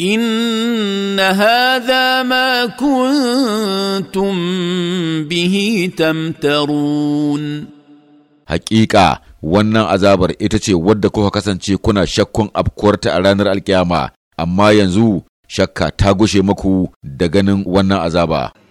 ان هذا ما كنتم به تمترون حقيقه wannan azabar ita ce wadda kuka kasance kuna shakkun afkuwarta a ranar alkiyama amma yanzu shakka ta gushe muku da ganin wannan azaba